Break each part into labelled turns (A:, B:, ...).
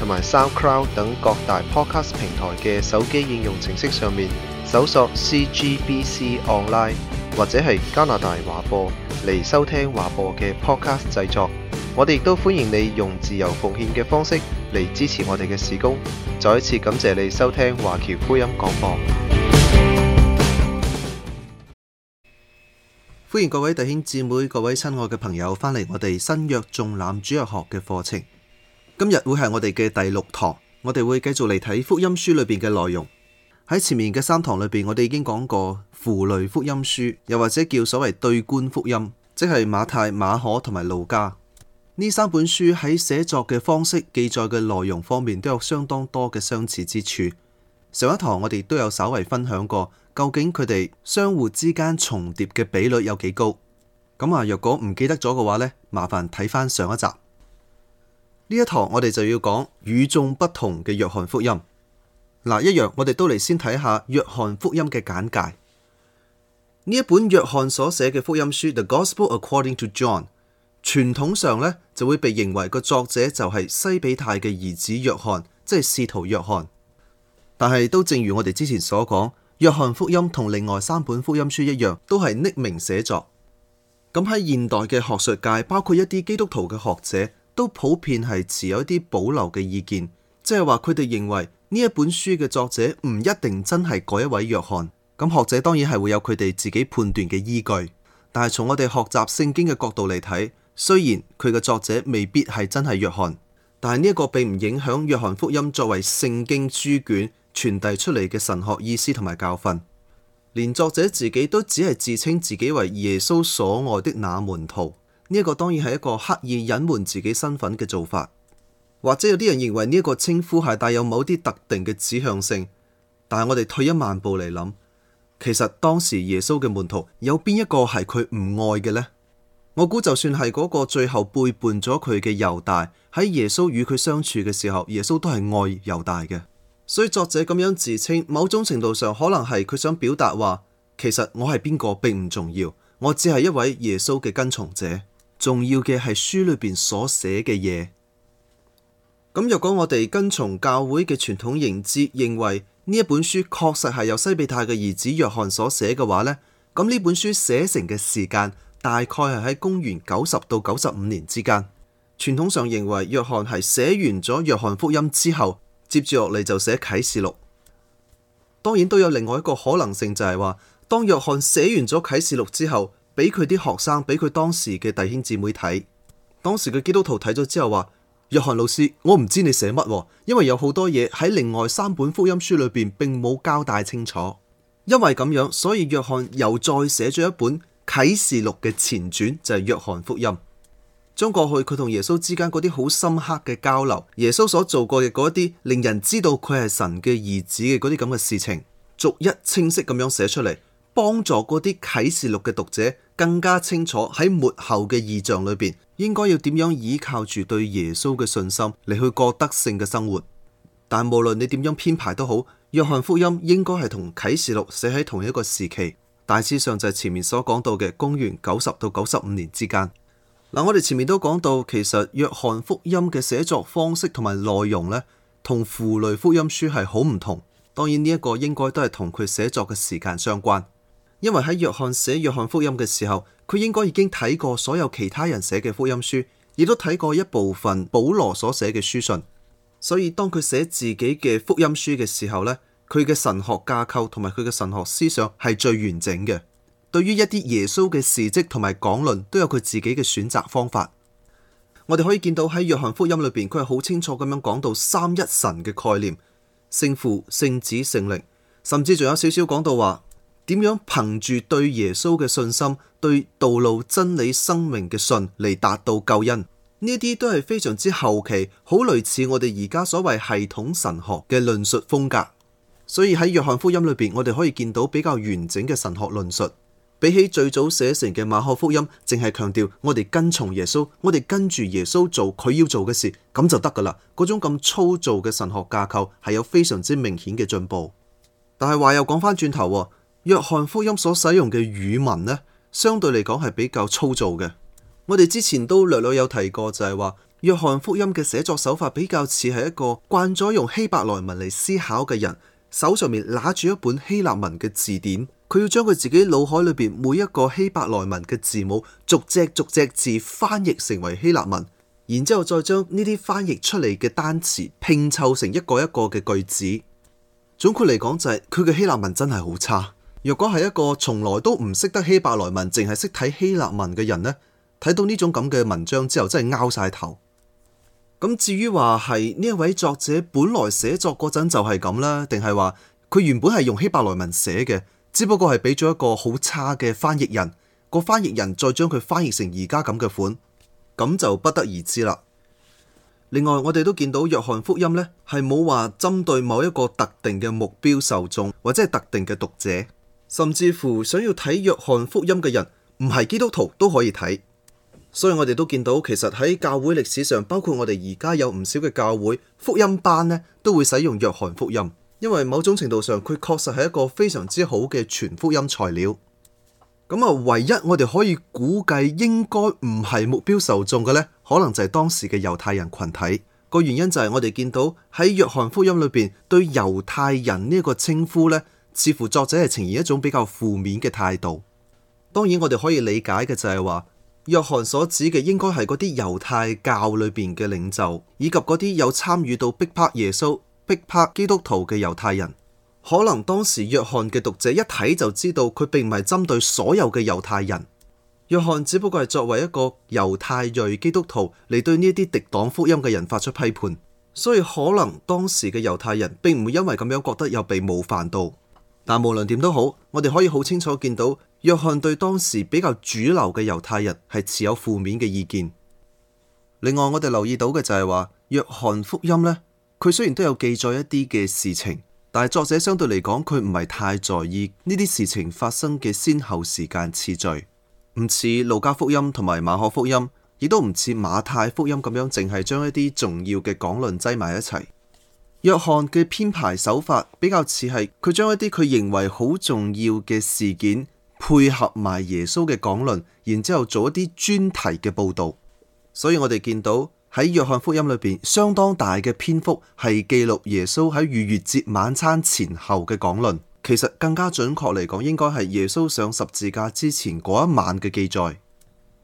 A: 同埋 SoundCloud 等各大 Podcast 平台嘅手機應用程式上面搜索 CGBC Online 或者係加拿大華播嚟收聽華播嘅 Podcast 製作，我哋亦都歡迎你用自由奉獻嘅方式嚟支持我哋嘅事工。再一次感謝你收聽華僑福音廣播。歡迎各位弟兄姊妹、各位親愛嘅朋友翻嚟我哋新約綜覽主日學嘅課程。今日會係我哋嘅第六堂，我哋會繼續嚟睇福音書裏邊嘅內容。喺前面嘅三堂裏邊，我哋已經講過符類福音書，又或者叫所謂對觀福音，即係馬太、馬可同埋路加呢三本書喺寫作嘅方式、記載嘅內容方面都有相當多嘅相似之處。上一堂我哋都有稍微分享過，究竟佢哋相互之間重疊嘅比率有幾高？咁啊，若果唔記得咗嘅話呢，麻煩睇翻上一集。呢一堂我哋就要講與眾不同嘅約翰福音。嗱，一樣我哋都嚟先睇下約翰福音嘅簡介。呢一本約翰所寫嘅福音書，《The Gospel According to John》，傳統上呢就會被認為個作者就係西庇太嘅兒子約翰，即係使徒約翰。但係都正如我哋之前所講，約翰福音同另外三本福音書一樣，都係匿名寫作。咁喺現代嘅學術界，包括一啲基督徒嘅學者。都普遍係持有一啲保留嘅意見，即係話佢哋認為呢一本書嘅作者唔一定真係嗰一位約翰。咁學者當然係會有佢哋自己判斷嘅依據，但係從我哋學習聖經嘅角度嚟睇，雖然佢嘅作者未必係真係約翰，但係呢一個並唔影響約翰福音作為聖經書卷傳遞出嚟嘅神學意思同埋教訓。連作者自己都只係自稱自己為耶穌所愛的那門徒。呢個當然係一個刻意隱瞞自己身份嘅做法，或者有啲人認為呢一個稱呼係帶有某啲特定嘅指向性，但係我哋退一萬步嚟諗，其實當時耶穌嘅門徒有邊一個係佢唔愛嘅呢？我估就算係嗰個最後背叛咗佢嘅猶大，喺耶穌與佢相處嘅時候，耶穌都係愛猶大嘅。所以作者咁樣自稱，某種程度上可能係佢想表達話，其實我係邊個並唔重要，我只係一位耶穌嘅跟從者。重要嘅係書裏邊所寫嘅嘢。咁若果我哋跟從教會嘅傳統認知，認為呢一本書確實係由西庇太嘅兒子約翰所寫嘅話呢，咁呢本書寫成嘅時間大概係喺公元九十到九十五年之間。傳統上認為約翰係寫完咗《約翰福音》之後，接住落嚟就寫《啟示錄》。當然都有另外一個可能性、就是，就係話當約翰寫完咗《啟示錄》之後。俾佢啲學生，俾佢當時嘅弟兄姊妹睇，當時嘅基督徒睇咗之後話：約翰老師，我唔知你寫乜，因為有好多嘢喺另外三本福音書裏邊並冇交代清楚。因為咁樣，所以約翰又再寫咗一本啟示錄嘅前傳，就係約翰福音，將過去佢同耶穌之間嗰啲好深刻嘅交流，耶穌所做過嘅嗰一啲令人知道佢係神嘅兒子嘅嗰啲咁嘅事情，逐一清晰咁樣寫出嚟。幫助嗰啲啟示錄嘅讀者更加清楚喺末後嘅異象裏邊應該要點樣依靠住對耶穌嘅信心嚟去過得勝嘅生活。但無論你點樣編排都好，約翰福音應該係同啟示錄寫喺同一個時期，大致上就係前面所講到嘅公元九十到九十五年之間。嗱、嗯，我哋前面都講到，其實約翰福音嘅寫作方式同埋內容呢，同符類福音書係好唔同。當然呢一個應該都係同佢寫作嘅時間相關。因為喺約翰寫約翰福音嘅時候，佢應該已經睇過所有其他人寫嘅福音書，亦都睇過一部分保羅所寫嘅書信。所以當佢寫自己嘅福音書嘅時候呢，佢嘅神學架構同埋佢嘅神學思想係最完整嘅。對於一啲耶穌嘅事跡同埋講論，都有佢自己嘅選擇方法。我哋可以見到喺約翰福音裏邊，佢係好清楚咁樣講到三一神嘅概念，聖父、聖子、聖靈，甚至仲有少少講到話。點樣憑住對耶穌嘅信心，對道路真理生命嘅信嚟，達到救恩？呢啲都係非常之後期，好類似我哋而家所謂系統神學嘅論述風格。所以喺約翰福音裏邊，我哋可以見到比較完整嘅神學論述。比起最早寫成嘅馬可福音，淨係強調我哋跟從耶穌，我哋跟住耶穌做佢要做嘅事咁就得噶啦。嗰種咁粗糙嘅神學架構係有非常之明顯嘅進步。但係話又講翻轉頭。約翰福音所使用嘅語文呢，相對嚟講係比較粗糙嘅。我哋之前都略略有提過就，就係話約翰福音嘅寫作手法比較似係一個慣咗用希伯來文嚟思考嘅人，手上面拿住一本希臘文嘅字典，佢要將佢自己腦海裏邊每一個希伯來文嘅字母逐隻逐隻字翻譯成為希臘文，然之後再將呢啲翻譯出嚟嘅單詞拼湊成一個一個嘅句子。總括嚟講就係佢嘅希臘文真係好差。如果係一個從來都唔識得希伯來文，淨係識睇希臘文嘅人呢，睇到呢種咁嘅文章之後，真係拗晒頭。咁至於話係呢一位作者本來寫作嗰陣就係咁啦，定係話佢原本係用希伯來文寫嘅，只不過係俾咗一個好差嘅翻譯人，個翻譯人再將佢翻譯成而家咁嘅款，咁就不得而知啦。另外，我哋都見到約翰福音呢，係冇話針對某一個特定嘅目標受眾或者係特定嘅讀者。甚至乎想要睇約翰福音嘅人，唔係基督徒都可以睇，所以我哋都見到，其實喺教會歷史上，包括我哋而家有唔少嘅教會福音班咧，都會使用約翰福音，因為某種程度上，佢確實係一個非常之好嘅全福音材料。咁、嗯、啊，唯一我哋可以估計應該唔係目標受眾嘅咧，可能就係當時嘅猶太人群體。個原因就係我哋見到喺約翰福音裏邊，對猶太人呢個稱呼咧。似乎作者係呈現一種比較負面嘅態度。當然，我哋可以理解嘅就係話，約翰所指嘅應該係嗰啲猶太教裏邊嘅領袖，以及嗰啲有參與到逼迫耶穌、逼迫基督徒嘅猶太人。可能當時約翰嘅讀者一睇就知道，佢並唔係針對所有嘅猶太人。約翰只不過係作為一個猶太裔基督徒嚟對呢啲敵擋福音嘅人發出批判，所以可能當時嘅猶太人並唔會因為咁樣覺得有被冒犯到。但無論點都好，我哋可以好清楚見到約翰對當時比較主流嘅猶太人係持有負面嘅意見。另外，我哋留意到嘅就係話，約翰福音呢，佢雖然都有記載一啲嘅事情，但係作者相對嚟講，佢唔係太在意呢啲事情發生嘅先後時間次序，唔似路加福音同埋馬可福音，亦都唔似馬太福音咁樣，淨係將一啲重要嘅講論擠埋一齊。約翰嘅編排手法比較似係佢將一啲佢認為好重要嘅事件配合埋耶穌嘅講論，然之後做一啲專題嘅報道。所以我哋見到喺約翰福音裏邊，相當大嘅篇幅係記錄耶穌喺逾越節晚餐前後嘅講論。其實更加準確嚟講，應該係耶穌上十字架之前嗰一晚嘅記載。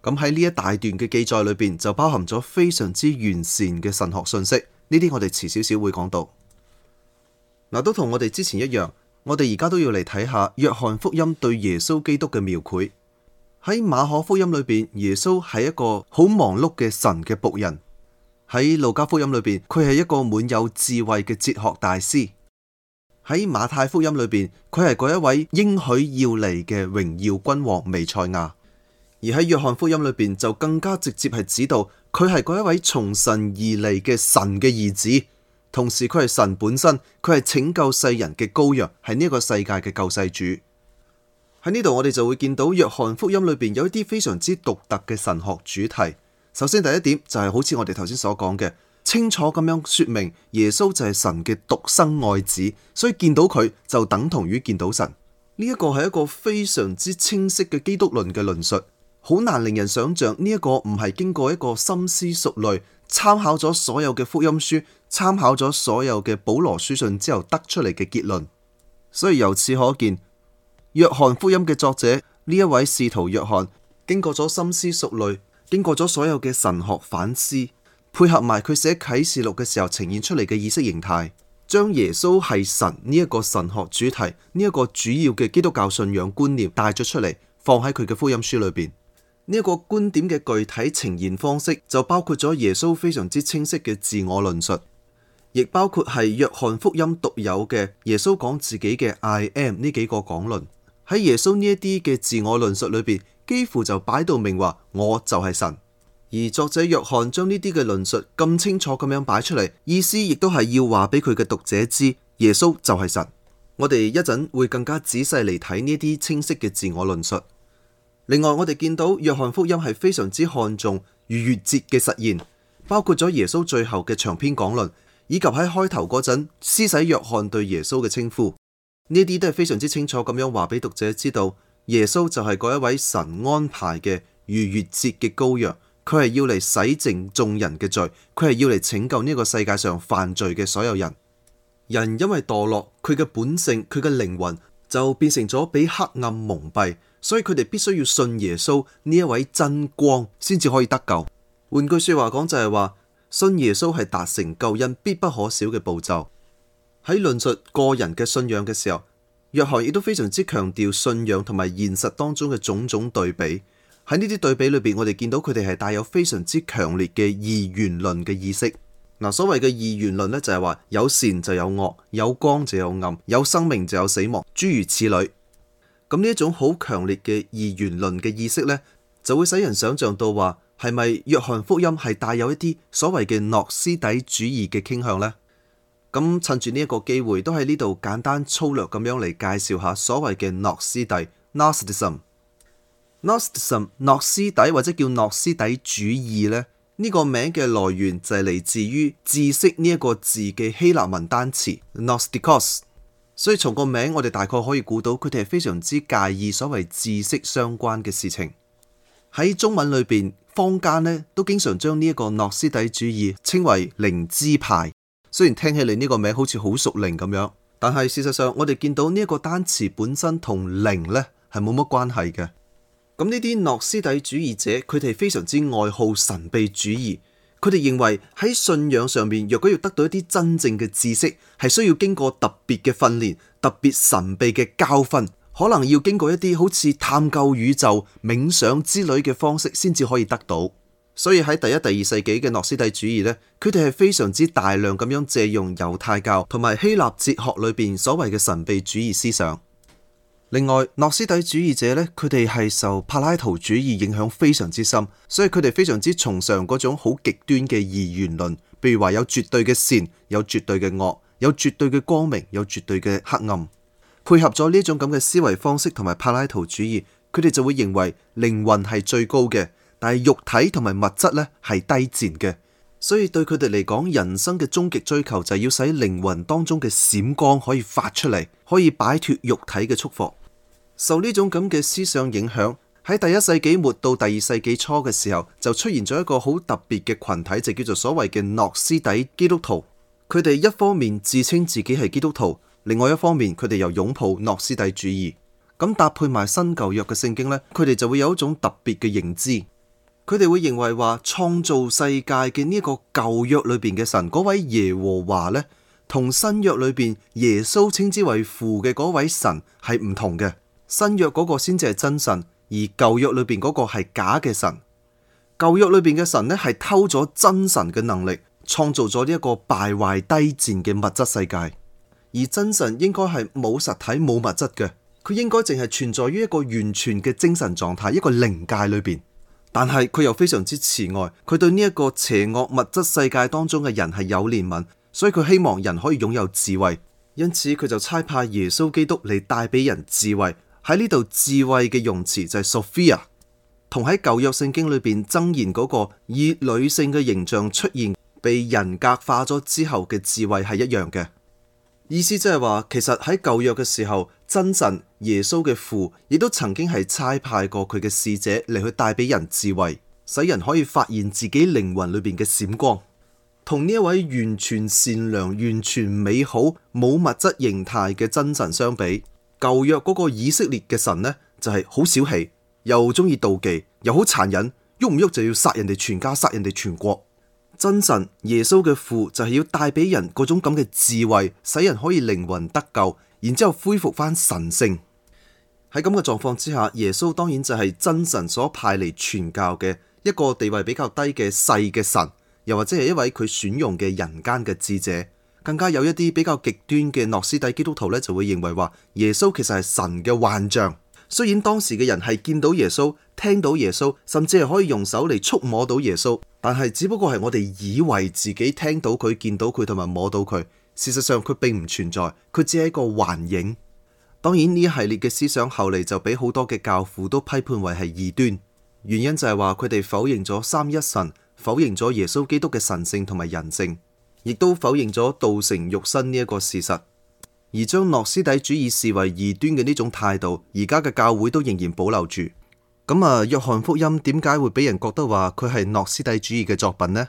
A: 咁喺呢一大段嘅記載裏邊，就包含咗非常之完善嘅神學信息。呢啲我哋遲少少會講到，嗱，都同我哋之前一樣，我哋而家都要嚟睇下約翰福音對耶穌基督嘅描繪。喺馬可福音裏邊，耶穌係一個好忙碌嘅神嘅僕人；喺路加福音裏邊，佢係一個滿有智慧嘅哲學大師；喺馬太福音裏邊，佢係嗰一位應許要嚟嘅榮耀君王彌賽亞。而喺約翰福音裏邊就更加直接係指到佢係嗰一位從神而嚟嘅神嘅兒子，同時佢係神本身，佢係拯救世人嘅羔羊，係呢一個世界嘅救世主。喺呢度我哋就會見到約翰福音裏邊有一啲非常之獨特嘅神學主題。首先第一點就係好似我哋頭先所講嘅，清楚咁樣說明耶穌就係神嘅獨生愛子，所以見到佢就等同於見到神。呢一個係一個非常之清晰嘅基督論嘅論述。好難令人想象呢一個唔係經過一個深思熟慮，參考咗所有嘅福音書，參考咗所有嘅保羅書信之後得出嚟嘅結論。所以由此可見，約翰福音嘅作者呢一位使徒約翰，經過咗深思熟慮，經過咗所有嘅神學反思，配合埋佢寫啟示錄嘅時候呈現出嚟嘅意識形態，將耶穌係神呢一個神學主題，呢一個主要嘅基督教信仰觀念帶咗出嚟，放喺佢嘅福音書裏邊。呢一個觀點嘅具體呈現方式，就包括咗耶穌非常之清晰嘅自我論述，亦包括係約翰福音獨有嘅耶穌講自己嘅 I am 呢幾個講論。喺耶穌呢一啲嘅自我論述裏邊，幾乎就擺到明話，我就係神。而作者約翰將呢啲嘅論述咁清楚咁樣擺出嚟，意思亦都係要話俾佢嘅讀者知，耶穌就係神。我哋一陣會更加仔細嚟睇呢啲清晰嘅自我論述。另外，我哋見到約翰福音係非常之看重逾越節嘅實現，包括咗耶穌最後嘅長篇講論，以及喺開頭嗰陣施洗約翰對耶穌嘅稱呼，呢啲都係非常之清楚咁樣話俾讀者知道，耶穌就係嗰一位神安排嘅逾越節嘅羔羊，佢係要嚟洗淨眾人嘅罪，佢係要嚟拯救呢個世界上犯罪嘅所有人。人因為墮落，佢嘅本性、佢嘅靈魂就變成咗俾黑暗蒙蔽。所以佢哋必須要信耶穌呢一位真光，先至可以得救。換句說話講，就係話信耶穌係達成救恩必不可少嘅步驟。喺論述個人嘅信仰嘅時候，約翰亦都非常之強調信仰同埋現實當中嘅種種對比。喺呢啲對比裏邊，我哋見到佢哋係帶有非常之強烈嘅二元論嘅意識。嗱，所謂嘅二元論咧，就係話有善就有惡，有光就有暗，有生命就有死亡，諸如此類。咁呢一種好強烈嘅二元論嘅意識呢，就會使人想象到話，係咪約翰福音係帶有一啲所謂嘅諾斯底主義嘅傾向呢。咁趁住呢一個機會，都喺呢度簡單粗略咁樣嚟介紹下所謂嘅諾斯底 （Gnosticism）。Gnosticism 諾斯底或者叫諾斯底主義呢，呢、這個名嘅來源就係嚟自於知識呢一個字嘅希臘文單詞 gnostikos。所以從個名，我哋大概可以估到佢哋係非常之介意所謂知識相關嘅事情。喺中文裏邊，坊間呢都經常將呢一個諾斯底主義稱為靈知派。雖然聽起嚟呢個名好似好熟「靈」咁樣，但係事實上我哋見到呢一個單詞本身同靈呢係冇乜關係嘅。咁呢啲諾斯底主義者，佢哋非常之愛好神秘主義。佢哋認為喺信仰上面，若果要得到一啲真正嘅知識，係需要經過特別嘅訓練、特別神秘嘅教訓，可能要經過一啲好似探究宇宙、冥想之類嘅方式，先至可以得到。所以喺第一、第二世紀嘅諾斯底主義咧，佢哋係非常之大量咁樣借用猶太教同埋希臘哲學裏邊所謂嘅神秘主義思想。另外，諾斯底主義者呢，佢哋係受柏拉圖主義影響非常之深，所以佢哋非常之崇尚嗰種好極端嘅二元論，譬如話有絕對嘅善，有絕對嘅惡，有絕對嘅光明，有絕對嘅黑暗。配合咗呢種咁嘅思維方式同埋柏拉圖主義，佢哋就會認為靈魂係最高嘅，但係肉體同埋物質呢係低賤嘅。所以對佢哋嚟講，人生嘅終極追求就係要使靈魂當中嘅閃光可以發出嚟，可以擺脫肉體嘅束縛。受呢種咁嘅思想影響，喺第一世紀末到第二世紀初嘅時候，就出現咗一個好特別嘅群體，就叫做所謂嘅諾斯底基督徒。佢哋一方面自稱自己係基督徒，另外一方面佢哋又擁抱諾斯底主義。咁搭配埋新舊約嘅聖經呢，佢哋就會有一種特別嘅認知。佢哋會認為話創造世界嘅呢一個舊約裏邊嘅神，嗰位耶和華呢，同新約裏邊耶穌稱之為父嘅嗰位神係唔同嘅。新約嗰個先至係真神，而舊約裏邊嗰個係假嘅神。舊約裏邊嘅神呢，係偷咗真神嘅能力，創造咗呢一個敗壞低賤嘅物質世界。而真神應該係冇實體冇物質嘅，佢應該淨係存在於一個完全嘅精神狀態，一個靈界裏邊。但係佢又非常之慈愛，佢對呢一個邪惡物質世界當中嘅人係有憐憫，所以佢希望人可以擁有智慧，因此佢就差派耶穌基督嚟帶俾人智慧。喺呢度智慧嘅用詞就係 Sophia，同喺舊約聖經裏邊箴言嗰個以女性嘅形象出現、被人格化咗之後嘅智慧係一樣嘅。意思即係話，其實喺舊約嘅時候，真神耶穌嘅父，亦都曾經係差派過佢嘅使者嚟去帶俾人智慧，使人可以發現自己靈魂裏邊嘅閃光。同呢一位完全善良、完全美好、冇物質形態嘅真神相比，舊約嗰個以色列嘅神呢，就係好小氣，又中意妒忌，又好殘忍，喐唔喐就要殺人哋全家，殺人哋全國。真神耶穌嘅父就係要帶俾人嗰種咁嘅智慧，使人可以靈魂得救，然之後恢復翻神聖。喺咁嘅狀況之下，耶穌當然就係真神所派嚟傳教嘅一個地位比較低嘅細嘅神，又或者係一位佢選用嘅人間嘅智者。更加有一啲比較極端嘅諾斯底基督徒咧，就會認為話耶穌其實係神嘅幻象。雖然當時嘅人係見到耶穌，聽到耶穌，甚至係可以用手嚟觸摸到耶穌，但係只不過係我哋以為自己聽到佢、見到佢同埋摸到佢。事實上佢並唔存在，佢只係一個幻影。當然呢一系列嘅思想後嚟就俾好多嘅教父都批判為係異端，原因就係話佢哋否認咗三一神，否認咗耶穌基督嘅神性同埋人性，亦都否認咗道成肉身呢一個事實。而將諾斯底主義視為異端嘅呢種態度，而家嘅教會都仍然保留住。咁啊，約翰福音點解會俾人覺得話佢係諾斯底主義嘅作品呢？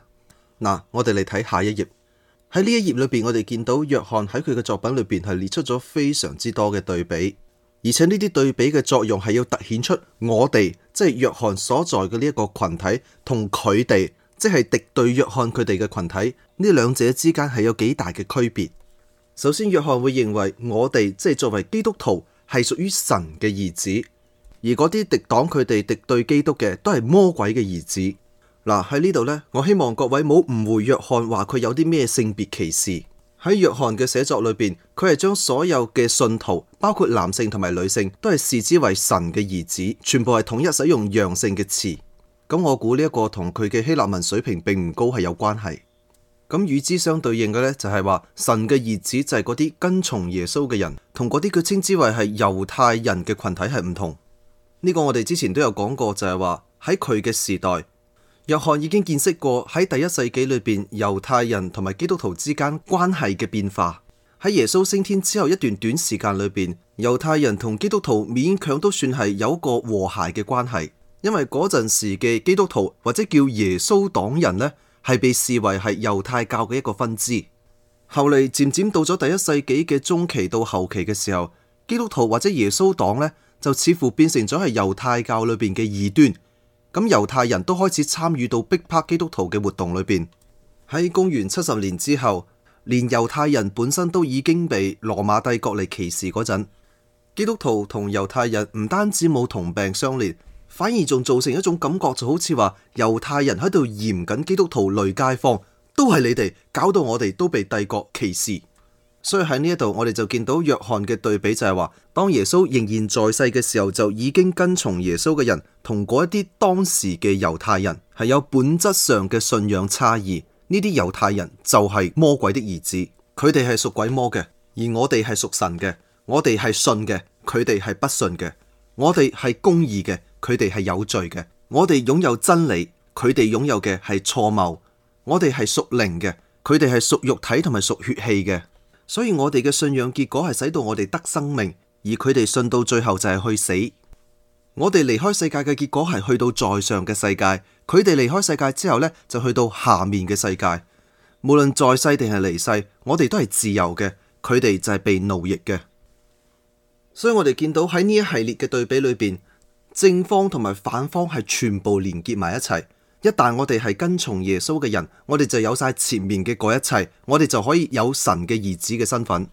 A: 嗱，我哋嚟睇下一頁。喺呢一頁裏邊，我哋見到約翰喺佢嘅作品裏邊係列出咗非常之多嘅對比，而且呢啲對比嘅作用係要凸顯出我哋，即係約翰所在嘅呢一個群體，同佢哋，即係敵對約翰佢哋嘅群體，呢兩者之間係有幾大嘅區別。首先，約翰會認為我哋即係作為基督徒係屬於神嘅兒子。而嗰啲敵黨，佢哋敵對基督嘅都係魔鬼嘅兒子嗱。喺呢度呢，我希望各位唔好誤會約翰話佢有啲咩性別歧視，喺約翰嘅寫作裏邊，佢係將所有嘅信徒，包括男性同埋女性，都係視之為神嘅兒子，全部係統一使用陽性嘅詞。咁我估呢一個同佢嘅希臘文水平並唔高係有關係。咁與之相對應嘅呢，就係話神嘅兒子就係嗰啲跟從耶穌嘅人，同嗰啲佢稱之為係猶太人嘅群體係唔同。呢個我哋之前都有講過，就係話喺佢嘅時代，約翰已經見識過喺第一世紀裏邊猶太人同埋基督徒之間關係嘅變化。喺耶穌升天之後一段短時間裏邊，猶太人同基督徒勉強都算係有一個和諧嘅關係，因為嗰陣時嘅基督徒或者叫耶穌黨人呢，係被視為係猶太教嘅一個分支。後嚟漸漸到咗第一世紀嘅中期到後期嘅時候，基督徒或者耶穌黨呢。就似乎變成咗係猶太教裏邊嘅異端，咁猶太人都開始參與到逼迫基督徒嘅活動裏邊。喺公元七十年之後，連猶太人本身都已經被羅馬帝國嚟歧視嗰陣，基督徒同猶太人唔單止冇同病相憐，反而仲造成一種感覺，就好似話猶太人喺度嫌緊基督徒累街坊，都係你哋搞到我哋都被帝國歧視。所以喺呢一度，我哋就見到約翰嘅對比就係話，當耶穌仍然在世嘅時候就已經跟從耶穌嘅人，同嗰一啲當時嘅猶太人係有本質上嘅信仰差異。呢啲猶太人就係魔鬼的兒子，佢哋係屬鬼魔嘅，而我哋係屬神嘅，我哋係信嘅，佢哋係不信嘅；我哋係公義嘅，佢哋係有罪嘅；我哋擁有真理，佢哋擁有嘅係錯謬；我哋係屬靈嘅，佢哋係屬肉體同埋屬血氣嘅。所以我哋嘅信仰結果係使到我哋得生命，而佢哋信到最後就係去死。我哋離開世界嘅結果係去到在上嘅世界，佢哋離開世界之後呢，就去到下面嘅世界。無論在世定係離世，我哋都係自由嘅，佢哋就係被奴役嘅。所以我哋見到喺呢一系列嘅對比裏邊，正方同埋反方係全部連結埋一齊。一旦我哋係跟從耶穌嘅人，我哋就有晒前面嘅嗰一切，我哋就可以有神嘅兒子嘅身份。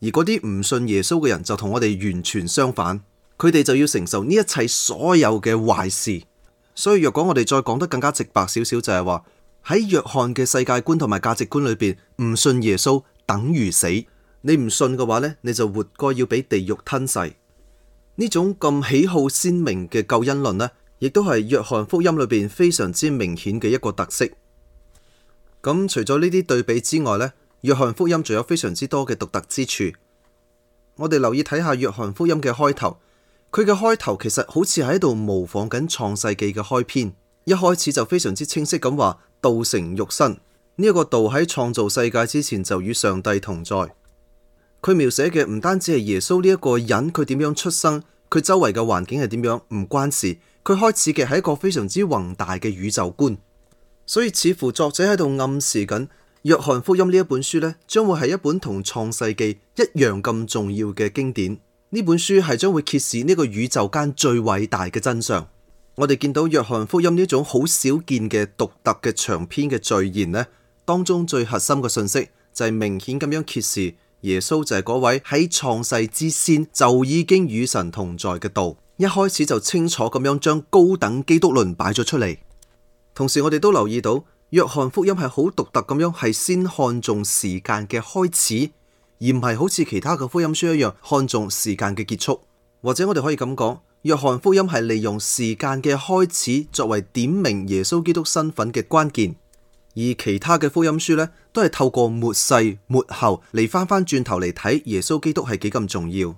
A: 而嗰啲唔信耶穌嘅人就同我哋完全相反，佢哋就要承受呢一切所有嘅壞事。所以若果我哋再講得更加直白少少，就係話喺約翰嘅世界觀同埋價值觀裏邊，唔信耶穌等於死。你唔信嘅話呢，你就活該要俾地獄吞噬。呢種咁喜好鮮明嘅救恩論呢。亦都係約翰福音裏邊非常之明顯嘅一個特色。咁除咗呢啲對比之外呢，約翰福音仲有非常之多嘅獨特之處。我哋留意睇下約翰福音嘅開頭，佢嘅開頭其實好似喺度模仿緊創世記嘅開篇，一開始就非常之清晰咁話道成肉身呢一個道喺創造世界之前就與上帝同在。佢描寫嘅唔單止係耶穌呢一個人，佢點樣出生，佢周圍嘅環境係點樣，唔關事。佢開始嘅係一個非常之宏大嘅宇宙觀，所以似乎作者喺度暗示緊《約翰福音》呢一本書呢，將會係一本同《創世記》一樣咁重要嘅經典。呢本書係將會揭示呢個宇宙間最偉大嘅真相。我哋見到《約翰福音》呢種好少見嘅獨特嘅長篇嘅序言呢，當中最核心嘅信息就係明顯咁樣揭示耶穌就係嗰位喺創世之先就已經與神同在嘅道。一開始就清楚咁樣，將高等基督論擺咗出嚟，同時我哋都留意到，約翰福音係好獨特咁樣，係先看重時間嘅開始，而唔係好似其他嘅福音書一樣看重時間嘅結束。或者我哋可以咁講，約翰福音係利用時間嘅開始作為點明耶穌基督身份嘅關鍵，而其他嘅福音書呢，都係透過末世、末後嚟翻翻轉頭嚟睇耶穌基督係幾咁重要。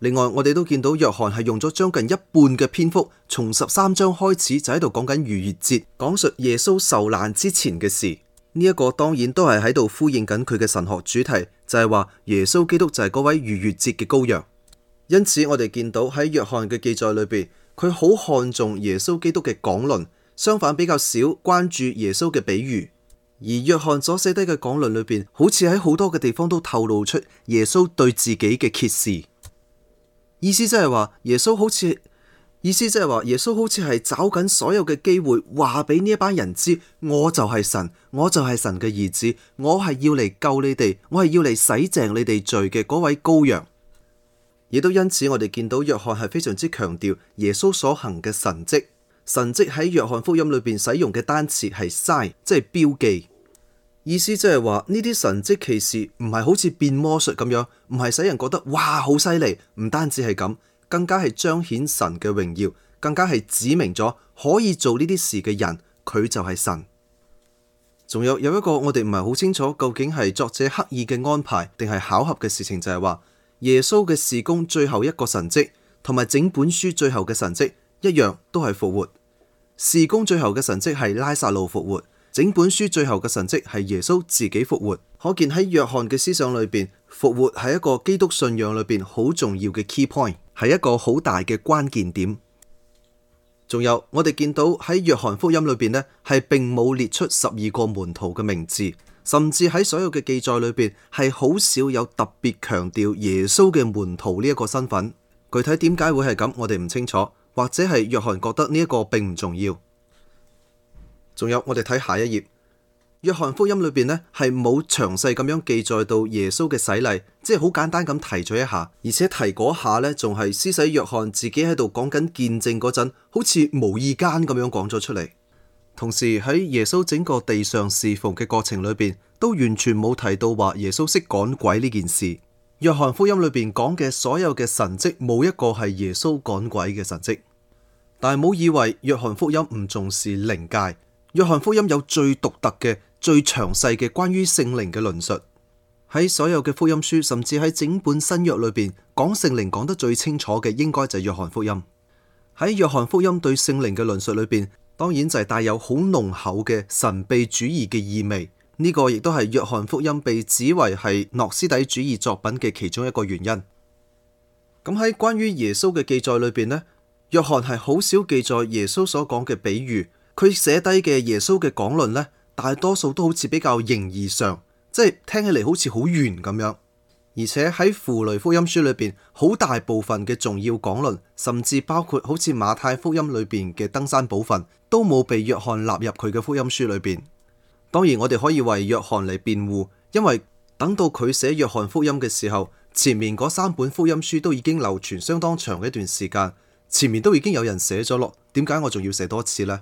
A: 另外，我哋都見到約翰係用咗將近一半嘅篇幅，從十三章開始就喺度講緊逾越節，講述耶穌受難之前嘅事。呢、這、一個當然都係喺度呼應緊佢嘅神學主題，就係、是、話耶穌基督就係嗰位逾越節嘅羔羊。因此，我哋見到喺約翰嘅記載裏邊，佢好看重耶穌基督嘅講論，相反比較少關注耶穌嘅比喻。而約翰所寫低嘅講論裏邊，好似喺好多嘅地方都透露出耶穌對自己嘅揭示。意思即係話耶穌好似，意思即係話耶穌好似係找緊所有嘅機會，話俾呢一班人知，我就係神，我就係神嘅兒子，我係要嚟救你哋，我係要嚟洗淨你哋罪嘅嗰位羔羊。亦都因此，我哋見到約翰係非常之強調耶穌所行嘅神蹟，神蹟喺約翰福音裏邊使用嘅單詞係 sign，即係標記。意思即係話呢啲神蹟其實唔係好似變魔術咁樣，唔係使人覺得哇好犀利，唔單止係咁，更加係彰顯神嘅榮耀，更加係指明咗可以做呢啲事嘅人，佢就係神。仲有有一個我哋唔係好清楚，究竟係作者刻意嘅安排定係巧合嘅事情就，就係話耶穌嘅事工最後一個神蹟，同埋整本書最後嘅神蹟一樣，都係復活。事工最後嘅神蹟係拉撒路復活。整本書最後嘅神蹟係耶穌自己復活，可見喺約翰嘅思想裏邊，復活係一個基督信仰裏邊好重要嘅 key point，係一個好大嘅關鍵點。仲有我哋見到喺約翰福音裏邊呢係並冇列出十二個門徒嘅名字，甚至喺所有嘅記載裏邊係好少有特別強調耶穌嘅門徒呢一個身份。具體點解會係咁，我哋唔清楚，或者係約翰覺得呢一個並唔重要。仲有，我哋睇下一頁。約翰福音裏邊呢，係冇詳細咁樣記載到耶穌嘅洗禮，即係好簡單咁提咗一下。而且提嗰下呢，仲係施洗約翰自己喺度講緊見證嗰陣，好似無意間咁樣講咗出嚟。同時喺耶穌整個地上侍奉嘅過程裏邊，都完全冇提到話耶穌識趕鬼呢件事。約翰福音裏邊講嘅所有嘅神蹟，冇一個係耶穌趕鬼嘅神蹟。但係冇以為約翰福音唔重視靈界。約翰福音有最獨特嘅、最詳細嘅關於聖靈嘅論述，喺所有嘅福音書，甚至喺整本新約裏邊，講聖靈講得最清楚嘅，應該就係約翰福音。喺約翰福音對聖靈嘅論述裏邊，當然就係帶有好濃厚嘅神秘主義嘅意味。呢個亦都係約翰福音被指為係諾斯底主義作品嘅其中一個原因。咁喺關於耶穌嘅記載裏邊呢，約翰係好少記載耶穌所講嘅比喻。佢寫低嘅耶穌嘅講論咧，大多數都好似比較形而上，即係聽起嚟好似好圓咁樣。而且喺符類福音書裏邊，好大部分嘅重要講論，甚至包括好似馬太福音裏邊嘅登山寶訓，都冇被約翰納入佢嘅福音書裏邊。當然，我哋可以為約翰嚟辯護，因為等到佢寫約翰福音嘅時候，前面嗰三本福音書都已經流傳相當長嘅一段時間，前面都已經有人寫咗咯，點解我仲要寫多次呢？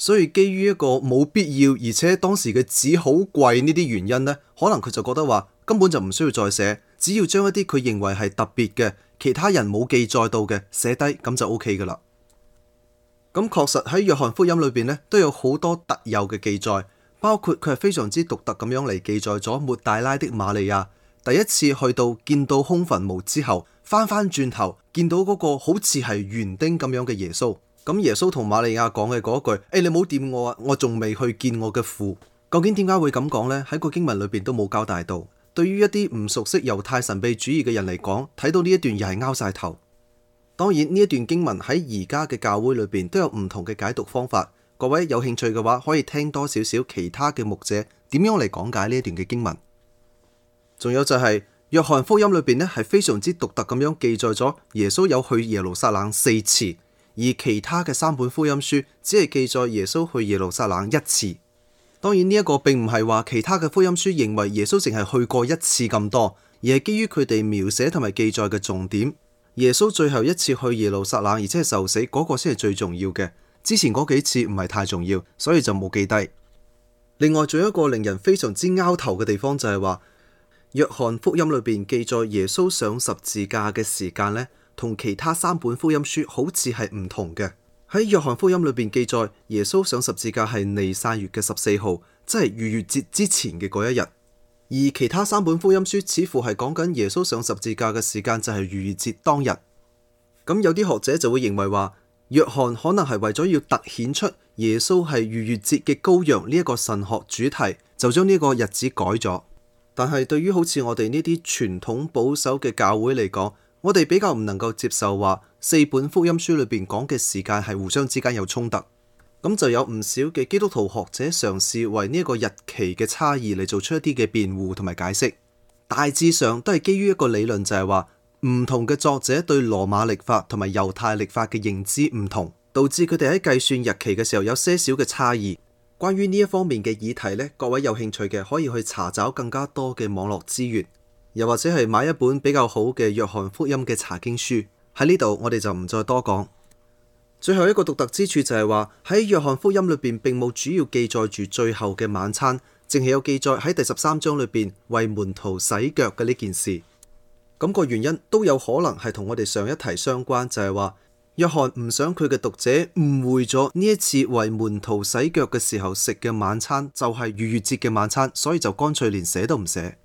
A: 所以基於一個冇必要，而且當時嘅紙好貴呢啲原因呢，可能佢就覺得話根本就唔需要再寫，只要將一啲佢認為係特別嘅，其他人冇記載到嘅寫低咁就 O K 噶啦咁確實喺約翰福音裏邊呢，都有好多特有嘅記載，包括佢係非常之獨特咁樣嚟記載咗抹大拉的瑪利亞第一次去到見到空墳墓之後，翻翻轉頭見到嗰個好似係園丁咁樣嘅耶穌。咁耶穌同瑪利亞講嘅嗰句，誒、哎，你冇掂我啊，我仲未去見我嘅父。究竟點解會咁講呢？喺個經文裏邊都冇交代到。對於一啲唔熟悉猶太神秘主義嘅人嚟講，睇到呢一段又係拗晒頭。當然呢一段經文喺而家嘅教會裏邊都有唔同嘅解讀方法。各位有興趣嘅話，可以聽多少少其他嘅牧者點樣嚟講解呢一段嘅經文。仲有就係、是、約翰福音裏邊咧，係非常之獨特咁樣記載咗耶穌有去耶路撒冷四次。而其他嘅三本福音書只係記載耶穌去耶路撒冷一次。當然呢一個並唔係話其他嘅福音書認為耶穌淨係去過一次咁多，而係基於佢哋描寫同埋記載嘅重點，耶穌最後一次去耶路撒冷而且係受死嗰個先係最重要嘅。之前嗰幾次唔係太重要，所以就冇記低。另外，仲有一個令人非常之拗頭嘅地方就係話，約翰福音裏邊記載耶穌上十字架嘅時間呢。同其他三本福音書好似係唔同嘅。喺約翰福音裏邊記載，耶穌上十字架係尼撒月嘅十四號，即係逾越節之前嘅嗰一日。而其他三本福音書似乎係講緊耶穌上十字架嘅時間就係逾越節當日。咁有啲學者就會認為話，約翰可能係為咗要突顯出耶穌係逾越節嘅羔羊呢一個神學主題，就將呢個日子改咗。但係對於好似我哋呢啲傳統保守嘅教會嚟講，我哋比較唔能夠接受話四本福音書裏邊講嘅時間係互相之間有衝突，咁就有唔少嘅基督徒學者嘗試為呢一個日期嘅差異嚟做出一啲嘅辯護同埋解釋，大致上都係基於一個理論就係話唔同嘅作者對羅馬曆法同埋猶太曆法嘅認知唔同，導致佢哋喺計算日期嘅時候有些少嘅差異。關於呢一方面嘅議題呢，各位有興趣嘅可以去查找更加多嘅網絡資源。又或者係買一本比較好嘅《約翰福音》嘅查經書，喺呢度，我哋就唔再多講。最後一個獨特之處就係話喺《約翰福音》裏邊，並冇主要記載住最後嘅晚餐，淨係有記載喺第十三章裏邊為門徒洗腳嘅呢件事。咁個原因都有可能係同我哋上一題相關，就係話約翰唔想佢嘅讀者誤會咗呢一次為門徒洗腳嘅時候食嘅晚餐就係逾越節嘅晚餐，所以就乾脆連寫都唔寫。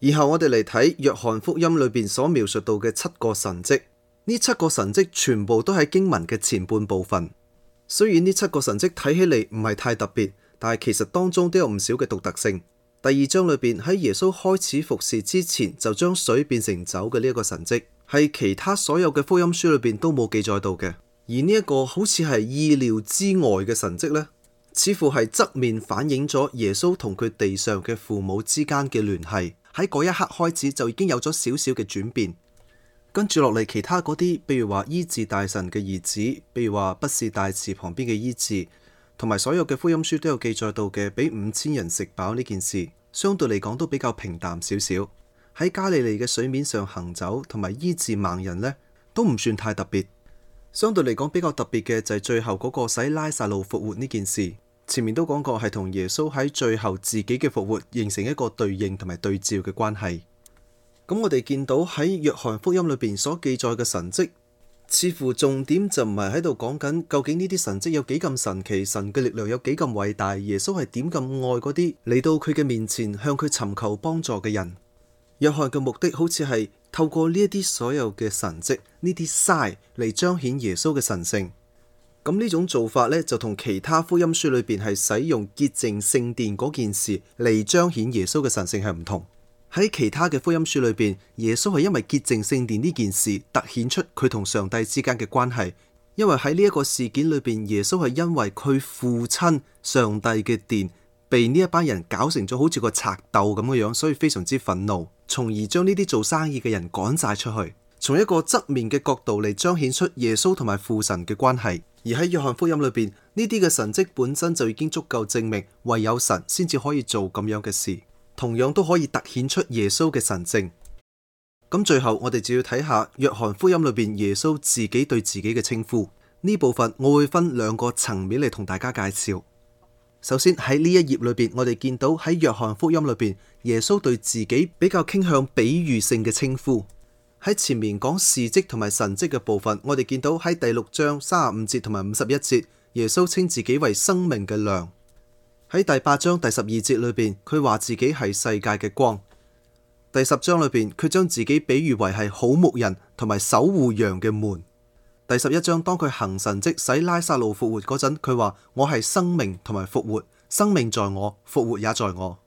A: 然後我哋嚟睇約翰福音裏邊所描述到嘅七個神蹟，呢七個神蹟全部都係經文嘅前半部分。雖然呢七個神蹟睇起嚟唔係太特別，但係其實當中都有唔少嘅獨特性。第二章裏邊喺耶穌開始服侍之前就將水變成酒嘅呢一個神蹟，係其他所有嘅福音書裏邊都冇記載到嘅。而呢一個好似係意料之外嘅神蹟呢，似乎係側面反映咗耶穌同佢地上嘅父母之間嘅聯繫。喺嗰一刻開始就已經有咗少少嘅轉變，跟住落嚟其他嗰啲，比如話醫治大臣嘅兒子，比如話畢士大池旁邊嘅醫治，同埋所有嘅福音書都有記載到嘅，俾五千人食飽呢件事，相對嚟講都比較平淡少少。喺加利利嘅水面上行走，同埋醫治盲人呢，都唔算太特別。相對嚟講比較特別嘅就係最後嗰個使拉撒路復活呢件事。前面都講過，係同耶穌喺最後自己嘅復活形成一個對應同埋對照嘅關係。咁、嗯、我哋見到喺約翰福音裏邊所記載嘅神跡，似乎重點就唔係喺度講緊究竟呢啲神跡有幾咁神奇，神嘅力量有幾咁偉大，耶穌係點咁愛嗰啲嚟到佢嘅面前向佢尋求幫助嘅人。約翰嘅目的好似係透過呢一啲所有嘅神跡，呢啲 sign 嚟彰顯耶穌嘅神性。咁呢種做法咧，就同其他福音書裏邊係使用潔淨聖殿嗰件事嚟彰顯耶穌嘅神聖係唔同。喺其他嘅福音書裏邊，耶穌係因為潔淨聖殿呢件事，突顯出佢同上帝之間嘅關係。因為喺呢一個事件裏邊，耶穌係因為佢父親上帝嘅殿被呢一班人搞成咗好似個賊斗咁嘅樣，所以非常之憤怒，從而將呢啲做生意嘅人趕晒出去。從一個側面嘅角度嚟彰顯出耶穌同埋父神嘅關係，而喺約翰福音裏邊，呢啲嘅神蹟本身就已經足夠證明唯有神先至可以做咁樣嘅事，同樣都可以突顯出耶穌嘅神性。咁最後我哋就要睇下約翰福音裏邊耶穌自己對自己嘅稱呼。呢部分，我會分兩個層面嚟同大家介紹。首先喺呢一頁裏邊，我哋見到喺約翰福音裏邊，耶穌對自己比較傾向比喻性嘅稱呼。喺前面講事跡同埋神蹟嘅部分，我哋見到喺第六章三十五節同埋五十一節，耶穌稱自己為生命嘅糧；喺第八章第十二節裏邊，佢話自己係世界嘅光；第十章裏邊，佢將自己比喻為係好牧人同埋守護羊嘅門；第十一章當佢行神蹟使拉撒路復活嗰陣，佢話我係生命同埋復活，生命在我，復活也在我。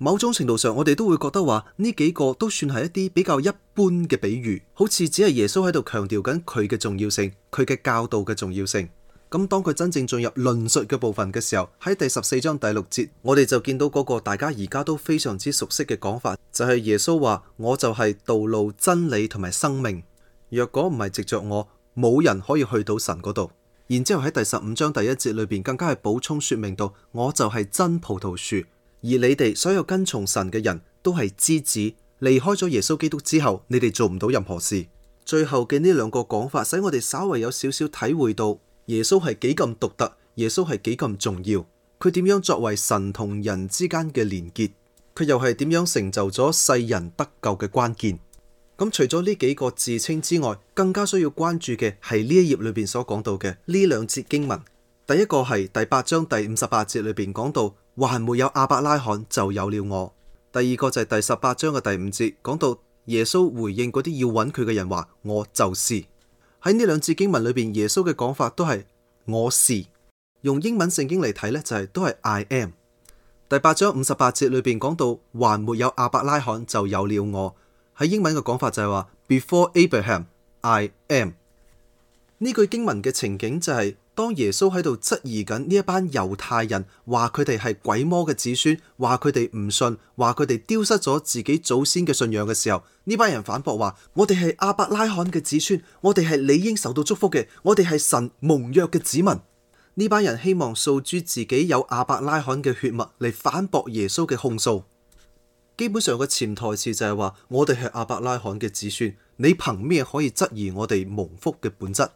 A: 某種程度上，我哋都會覺得話呢幾個都算係一啲比較一般嘅比喻，好似只係耶穌喺度強調緊佢嘅重要性，佢嘅教導嘅重要性。咁當佢真正進入論述嘅部分嘅時候，喺第十四章第六節，我哋就見到嗰個大家而家都非常之熟悉嘅講法，就係耶穌話：我就係道路、真理、同埋生命。若果唔係藉着我，冇人可以去到神嗰度。然之後喺第十五章第一節裏邊，更加係補充說明到：我就係真葡萄樹。而你哋所有跟從神嘅人都係枝子，離開咗耶穌基督之後，你哋做唔到任何事。最後嘅呢兩個講法，使我哋稍微有少少體會到耶穌係幾咁獨特，耶穌係幾咁重要。佢點樣作為神同人之間嘅連結？佢又係點樣成就咗世人得救嘅關鍵？咁、嗯、除咗呢幾個自稱之外，更加需要關注嘅係呢一頁裏邊所講到嘅呢兩節經文。第一個係第八章第五十八節裏邊講到。還沒有亞伯拉罕就有了我。第二個就係第十八章嘅第五節，講到耶穌回應嗰啲要揾佢嘅人話：我就是。喺呢兩節經文裏邊，耶穌嘅講法都係我是。用英文聖經嚟睇呢，就係都係 I am。第八章五十八節裏邊講到，還沒有亞伯拉罕就有了我。喺英文嘅講法就係話：Before Abraham, I am。呢句經文嘅情景就係。當耶穌喺度質疑緊呢一班猶太人，話佢哋係鬼魔嘅子孫，話佢哋唔信，話佢哋丟失咗自己祖先嘅信仰嘅時候，呢班人反駁話：我哋係亞伯拉罕嘅子孫，我哋係理應受到祝福嘅，我哋係神盟約嘅子民。呢班人希望訴諸自己有亞伯拉罕嘅血脈嚟反駁耶穌嘅控訴。基本上嘅潛台詞就係話：我哋係亞伯拉罕嘅子孫，你憑咩可以質疑我哋蒙福嘅本質？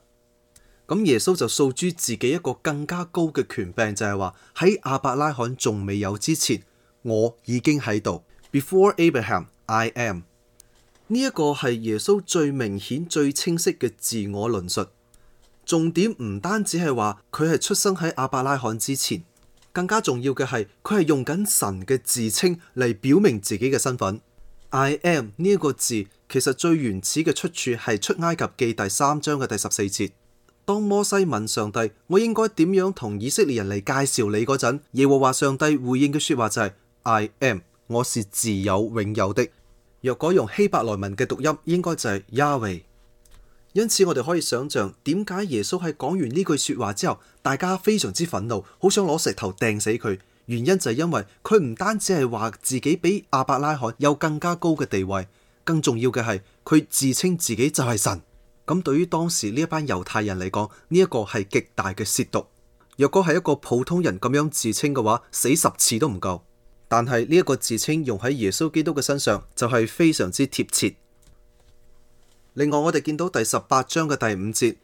A: 咁耶穌就訴諸自己一個更加高嘅權柄，就係話喺亞伯拉罕仲未有之前，我已經喺度。Before Abraham, I am 呢一個係耶穌最明顯、最清晰嘅自我論述。重點唔單止係話佢係出生喺亞伯拉罕之前，更加重要嘅係佢係用緊神嘅自稱嚟表明自己嘅身份。I am 呢一個字其實最原始嘅出處係出埃及記第三章嘅第十四節。當摩西問上帝，我應該點樣同以色列人嚟介紹你嗰陣，耶和華上帝回應嘅說話就係 I am，我是自有永有的。若果用希伯來文嘅讀音，應該就係 Yahweh。因此我哋可以想象，點解耶穌喺講完呢句說話之後，大家非常之憤怒，好想攞石頭掟死佢。原因就係因為佢唔單止係話自己比亞伯拉罕有更加高嘅地位，更重要嘅係佢自稱自己就係神。咁對於當時呢一班猶太人嚟講，呢一個係極大嘅褻瀆。若果係一個普通人咁樣自稱嘅話，死十次都唔夠。但係呢一個自稱用喺耶穌基督嘅身上，就係非常之貼切。另外，我哋見到第十八章嘅第五節，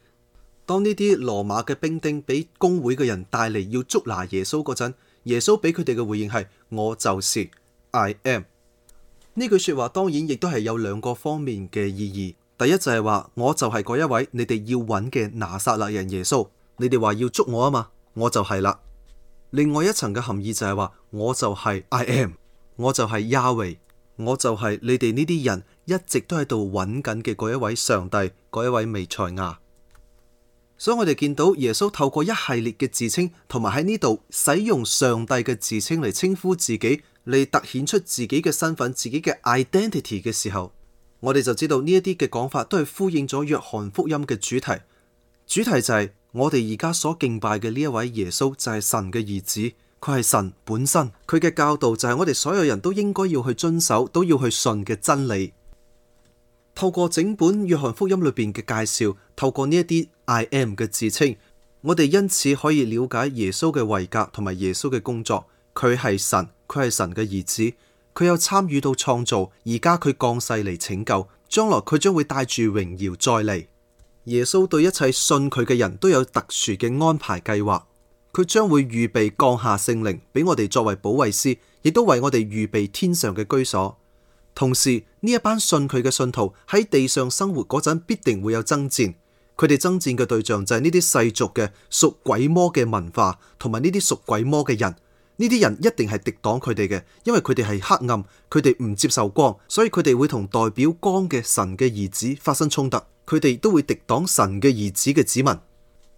A: 當呢啲羅馬嘅兵丁俾公會嘅人帶嚟要捉拿耶穌嗰陣，耶穌俾佢哋嘅回應係：我就是，I am。呢句說話當然亦都係有兩個方面嘅意義。第一就係話，我就係嗰一位你哋要揾嘅拿撒勒人耶穌。你哋話要捉我啊嘛，我就係啦。另外一層嘅含義就係話，我就係 I am，我就係 Yahweh，我就係你哋呢啲人一直都喺度揾緊嘅嗰一位上帝，嗰一位彌賽亞。所以我哋見到耶穌透過一系列嘅自稱，同埋喺呢度使用上帝嘅自稱嚟稱呼自己，嚟凸顯出自己嘅身份、自己嘅 identity 嘅時候。我哋就知道呢一啲嘅講法都係呼應咗約翰福音嘅主題，主題就係、是，我哋而家所敬拜嘅呢一位耶穌就係神嘅兒子，佢係神本身，佢嘅教導就係我哋所有人都應該要去遵守，都要去信嘅真理。透過整本約翰福音裏邊嘅介紹，透過呢一啲 I am 嘅自稱，我哋因此可以了解耶穌嘅位格同埋耶穌嘅工作，佢係神，佢係神嘅兒子。佢有參與到創造，而家佢降世嚟拯救，將來佢將會帶住榮耀再嚟。耶穌對一切信佢嘅人都有特殊嘅安排計劃，佢將會預備降下聖靈俾我哋作為保惠師，亦都為我哋預備天上嘅居所。同時呢一班信佢嘅信徒喺地上生活嗰陣，必定會有爭戰。佢哋爭戰嘅對象就係呢啲世俗嘅、屬鬼魔嘅文化同埋呢啲屬鬼魔嘅人。呢啲人一定係敵擋佢哋嘅，因為佢哋係黑暗，佢哋唔接受光，所以佢哋會同代表光嘅神嘅兒子發生衝突，佢哋都會敵擋神嘅兒子嘅子民。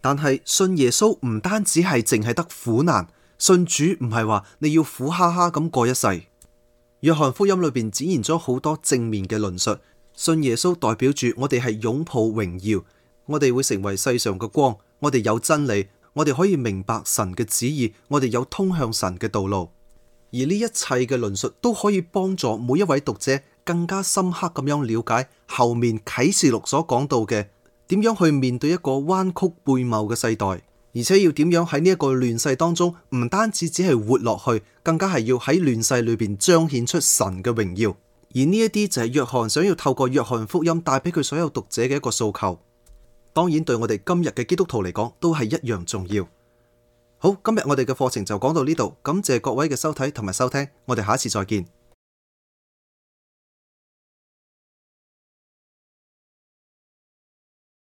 A: 但係信耶穌唔單止係淨係得苦難，信主唔係話你要苦哈哈咁過一世。約翰福音裏邊展現咗好多正面嘅論述，信耶穌代表住我哋係擁抱榮耀，我哋會成為世上嘅光，我哋有真理。我哋可以明白神嘅旨意，我哋有通向神嘅道路，而呢一切嘅論述都可以幫助每一位讀者更加深刻咁樣了解後面啟示錄所講到嘅點樣去面對一個彎曲悖謬嘅世代，而且要點樣喺呢一個亂世當中，唔單止只係活落去，更加係要喺亂世裏邊彰顯出神嘅榮耀。而呢一啲就係約翰想要透過約翰福音帶俾佢所有讀者嘅一個訴求。當然對我哋今日嘅基督徒嚟講，都係一樣重要。好，今日我哋嘅課程就講到呢度，感謝各位嘅收睇同埋收聽，我哋下次再見。